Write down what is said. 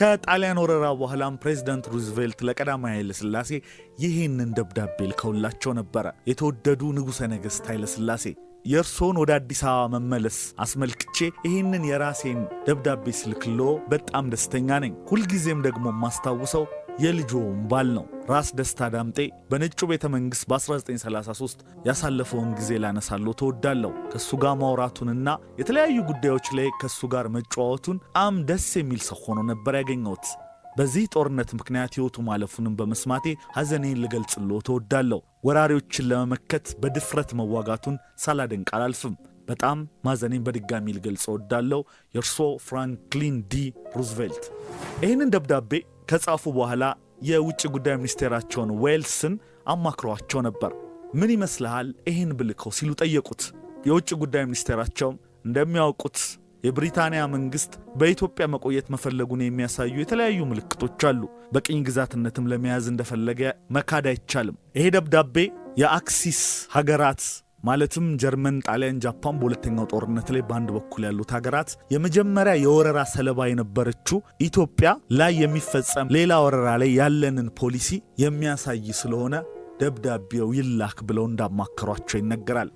ከጣሊያን ወረራ በኋላም ፕሬዚደንት ሩዝቬልት ለቀዳማዊ ኃይለሥላሴ ይህንን ደብዳቤ ልከውላቸው ነበረ። የተወደዱ ንጉሠ ነገሥት ኃይለሥላሴ የእርሶን ወደ አዲስ አበባ መመለስ አስመልክቼ ይህንን የራሴን ደብዳቤ ስልክሎ በጣም ደስተኛ ነኝ። ሁልጊዜም ደግሞ የማስታውሰው የልጆም ባል ነው። ራስ ደስታ ዳምጤ በነጩ ቤተ መንግሥት በ1933 ያሳለፈውን ጊዜ ላነሳለሁ ተወዳለሁ። ከእሱ ጋር ማውራቱንና የተለያዩ ጉዳዮች ላይ ከእሱ ጋር መጫወቱን አም ደስ የሚል ሰው ሆኖ ነበር ያገኘሁት። በዚህ ጦርነት ምክንያት ሕይወቱ ማለፉንም በመስማቴ ሐዘኔን ልገልጽልዎ ተወዳለሁ። ወራሪዎችን ለመመከት በድፍረት መዋጋቱን ሳላደንቅ አላልፍም። በጣም ማዘኔን በድጋሚ ልገልጽ እወዳለሁ። የእርሶ ፍራንክሊን ዲ ሩዝቬልት። ይህንን ደብዳቤ ከጻፉ በኋላ የውጭ ጉዳይ ሚኒስቴራቸውን ዌልስን አማክሯቸው ነበር። ምን ይመስልሃል ይህን ብልከው ሲሉ ጠየቁት። የውጭ ጉዳይ ሚኒስቴራቸውም እንደሚያውቁት የብሪታንያ መንግሥት በኢትዮጵያ መቆየት መፈለጉን የሚያሳዩ የተለያዩ ምልክቶች አሉ። በቅኝ ግዛትነትም ለመያዝ እንደፈለገ መካድ አይቻልም። ይሄ ደብዳቤ የአክሲስ ሀገራት ማለትም ጀርመን፣ ጣሊያን፣ ጃፓን በሁለተኛው ጦርነት ላይ በአንድ በኩል ያሉት ሀገራት የመጀመሪያ የወረራ ሰለባ የነበረችው ኢትዮጵያ ላይ የሚፈጸም ሌላ ወረራ ላይ ያለንን ፖሊሲ የሚያሳይ ስለሆነ ደብዳቤው ይላክ ብለው እንዳማከሯቸው ይነገራል።